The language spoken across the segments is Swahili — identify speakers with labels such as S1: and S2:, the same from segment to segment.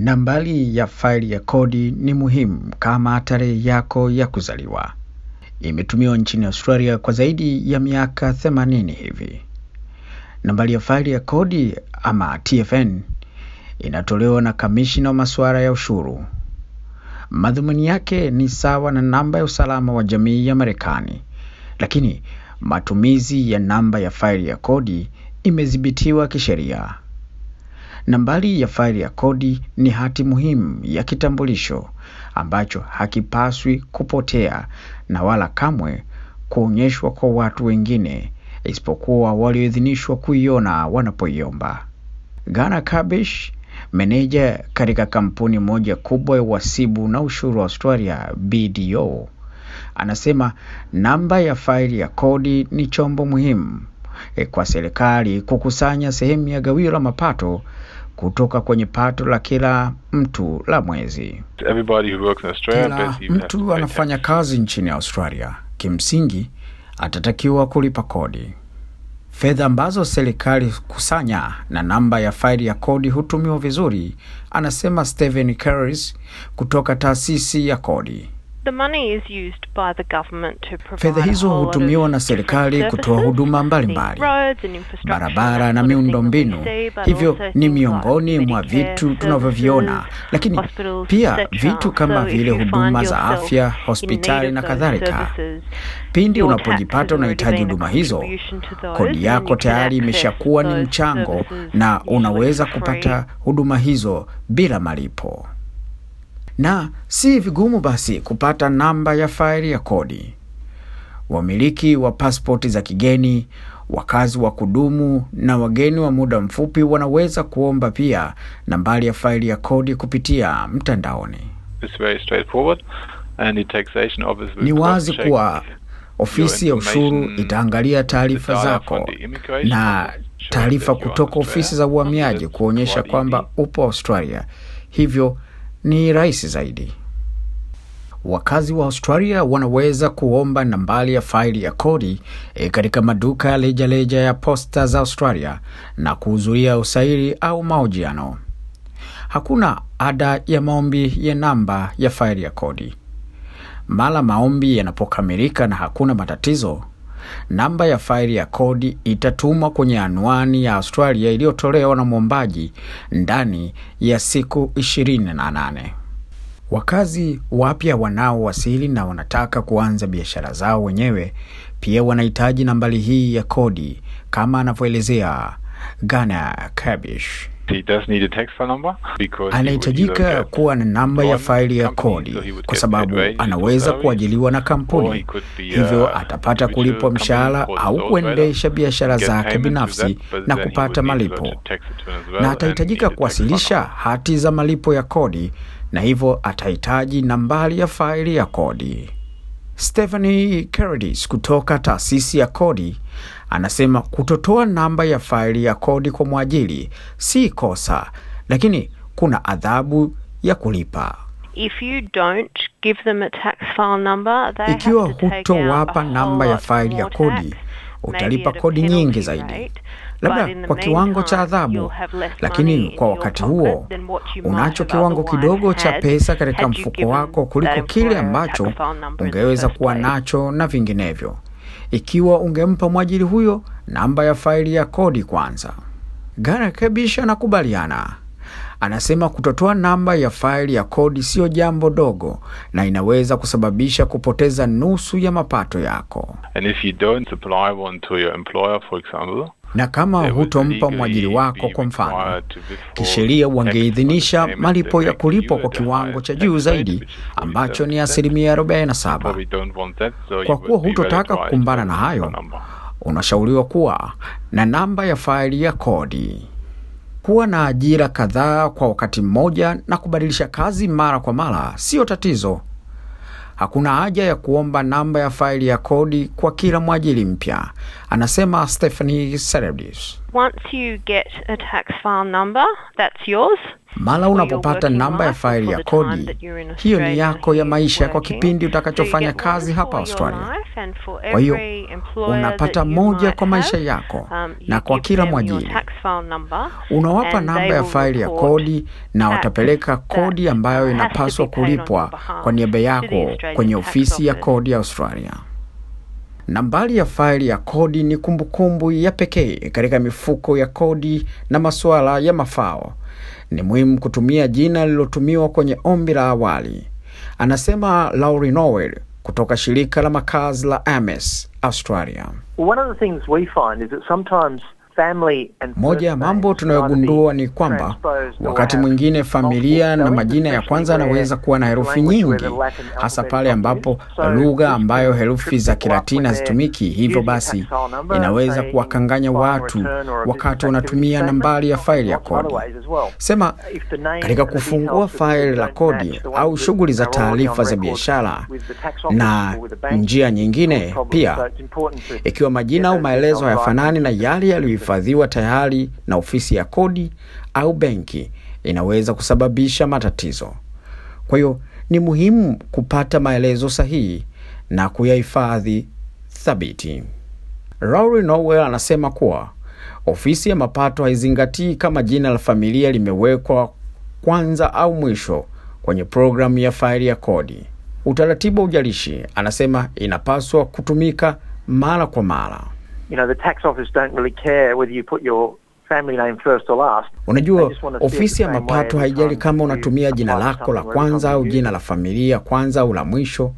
S1: Nambari ya faili ya kodi ni muhimu kama tarehe yako ya kuzaliwa. Imetumiwa nchini Australia kwa zaidi ya miaka 80 hivi. Nambari ya faili ya kodi ama TFN inatolewa na kamishina wa masuala ya ushuru. Madhumuni yake ni sawa na namba ya usalama wa jamii ya Marekani, lakini matumizi ya namba ya faili ya kodi imedhibitiwa kisheria. Nambari ya faili ya kodi ni hati muhimu ya kitambulisho ambacho hakipaswi kupotea na wala kamwe kuonyeshwa kwa watu wengine isipokuwa walioidhinishwa kuiona wanapoiomba. Ghana kabish meneja katika kampuni moja kubwa ya uhasibu na ushuru wa Australia, BDO, anasema namba ya faili ya kodi ni chombo muhimu eh, kwa serikali kukusanya sehemu ya gawio la mapato kutoka kwenye pato la kila mtu la mwezi. Kila mtu anafanya kazi nchini Australia kimsingi atatakiwa kulipa kodi. Fedha ambazo serikali kusanya na namba ya faili ya kodi hutumiwa vizuri, anasema Stephen Caris kutoka taasisi ya kodi. Fedha hizo hutumiwa na serikali kutoa huduma mbalimbali, barabara na miundo mbinu Hivyo ni miongoni mwa vitu tunavyoviona, lakini pia vitu kama vile huduma za afya, hospitali na kadhalika. Pindi unapojipata unahitaji huduma hizo, kodi yako tayari imeshakuwa ni mchango, na unaweza kupata huduma hizo bila malipo na si vigumu basi kupata namba ya faili ya kodi. Wamiliki wa paspoti za kigeni, wakazi wa kudumu na wageni wa muda mfupi wanaweza kuomba pia nambari ya faili ya kodi kupitia mtandaoni. Ni wazi kuwa ofisi ya ushuru itaangalia taarifa zako na taarifa kutoka ofisi za uhamiaji kuonyesha kwamba upo Australia, hivyo ni rahisi zaidi. Wakazi wa Australia wanaweza kuomba nambari ya faili ya kodi e, katika maduka ya lejaleja ya posta za Australia na kuhudhuria usairi au mahojiano. Hakuna ada ya maombi ya namba ya faili ya kodi. mala maombi yanapokamilika na hakuna matatizo, namba ya faili ya kodi itatumwa kwenye anwani ya Australia iliyotolewa na mwombaji ndani ya siku 28. Wakazi wapya wanaowasili na wanataka kuanza biashara zao wenyewe pia wanahitaji nambari hii ya kodi, kama anavyoelezea Ghana Kabish. Anahitajika kuwa na namba ya faili ya kodi kwa sababu anaweza kuajiliwa na kampuni, hivyo atapata kulipwa mshahara au kuendesha biashara zake binafsi na kupata malipo, na atahitajika kuwasilisha hati za malipo ya kodi, na hivyo atahitaji nambari ya faili ya kodi. Stephanie Keredis kutoka taasisi ya kodi anasema kutotoa namba ya faili ya kodi kwa mwajiri si kosa, lakini kuna adhabu ya kulipa. If you don't give them a tax file number, they ikiwa hutowapa namba ya faili ya kodi, utalipa kodi nyingi zaidi, labda kwa kiwango cha adhabu, lakini kwa wakati huo unacho kiwango kidogo cha pesa katika mfuko wako kuliko kile ambacho ungeweza kuwa nacho na vinginevyo, ikiwa ungempa mwajiri huyo namba ya faili ya kodi kwanza. kebish anakubaliana. Anasema kutotoa namba ya faili ya kodi siyo jambo dogo na inaweza kusababisha kupoteza nusu ya mapato yako. And if you don't supply one to your employer, for example, na kama hutompa mwajiri wako, kwa mfano, kisheria wangeidhinisha malipo ya kulipwa kwa kiwango cha juu zaidi ambacho ni asilimia 47. Kwa kuwa hutotaka kukumbana na hayo, unashauriwa kuwa na namba ya faili ya kodi, kuwa na ajira kadhaa kwa wakati mmoja na kubadilisha kazi mara kwa mara. Siyo tatizo hakuna haja ya kuomba namba ya faili ya kodi kwa kila mwajili mpya, anasema Stephanie Seredis. Once you get a tax file number, that's yours. Mara unapopata namba ya um, faili ya kodi, hiyo ni yako ya maisha kwa kipindi utakachofanya kazi hapa Australia. Kwa hiyo unapata moja kwa maisha yako na kwa kila mwajiri unawapa namba ya faili ya kodi, na watapeleka kodi ambayo inapaswa kulipwa kwa niaba yako kwenye ofisi ya kodi ya Australia. Nambari ya faili ya kodi ni kumbukumbu ya pekee katika mifuko ya kodi na masuala ya mafao. Ni muhimu kutumia jina lililotumiwa kwenye ombi la awali, anasema lauri nowel kutoka shirika la makazi la AMES Australia. One of the things we find is that sometimes moja ya mambo tunayogundua ni kwamba wakati mwingine familia na majina ya kwanza yanaweza kuwa na herufi nyingi, hasa pale ambapo lugha ambayo herufi za Kilatini hazitumiki. Hivyo basi, inaweza kuwakanganya watu wakati wanatumia nambari ya faili ya kodi. Sema katika kufungua faili la kodi au shughuli za taarifa za biashara na njia nyingine pia, ikiwa majina au maelezo hayafanani na yale yaliyo kuhifadhiwa tayari na ofisi ya kodi au benki inaweza kusababisha matatizo. Kwa hiyo ni muhimu kupata maelezo sahihi na kuyahifadhi thabiti. Rory Nowell anasema kuwa ofisi ya mapato haizingatii kama jina la familia limewekwa kwanza au mwisho kwenye programu ya faili ya kodi. Utaratibu wa ujalishi, anasema, inapaswa kutumika mara kwa mara you know, the tax office don't really care whether you put your family name first or last. Unajua, ofisi ya mapato haijali kama unatumia jina lako la kwanza au jina la familia kwanza au la mwisho.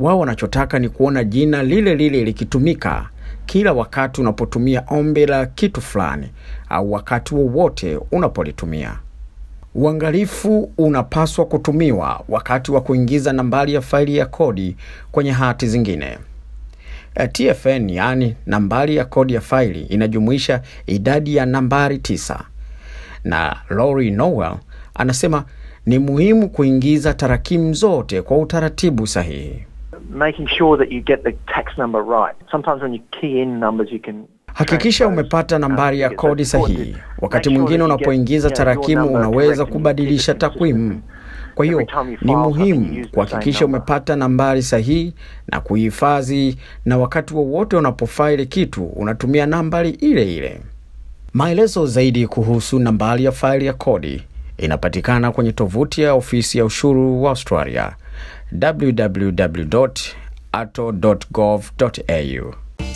S1: Wao wanachotaka ni kuona jina lile lile likitumika kila wakati unapotumia ombi la kitu fulani au wakati wowote unapolitumia. Uangalifu unapaswa kutumiwa wakati wa kuingiza nambari ya faili ya kodi kwenye hati zingine. Eh, TFN yaani nambari ya kodi ya faili inajumuisha idadi ya nambari tisa. Na Lori Nowell anasema ni muhimu kuingiza tarakimu zote kwa utaratibu sahihi. Hakikisha umepata uh, nambari ya kodi sahihi. Wakati mwingine unapoingiza tarakimu, unaweza kubadilisha takwimu. Kwa hiyo ni muhimu kuhakikisha umepata nambari sahihi na kuhifadhi na wakati wowote wa unapofaili kitu unatumia nambari ile ile. Maelezo zaidi kuhusu nambari ya faili ya kodi inapatikana kwenye tovuti ya ofisi ya ushuru wa Australia www.ato.gov.au.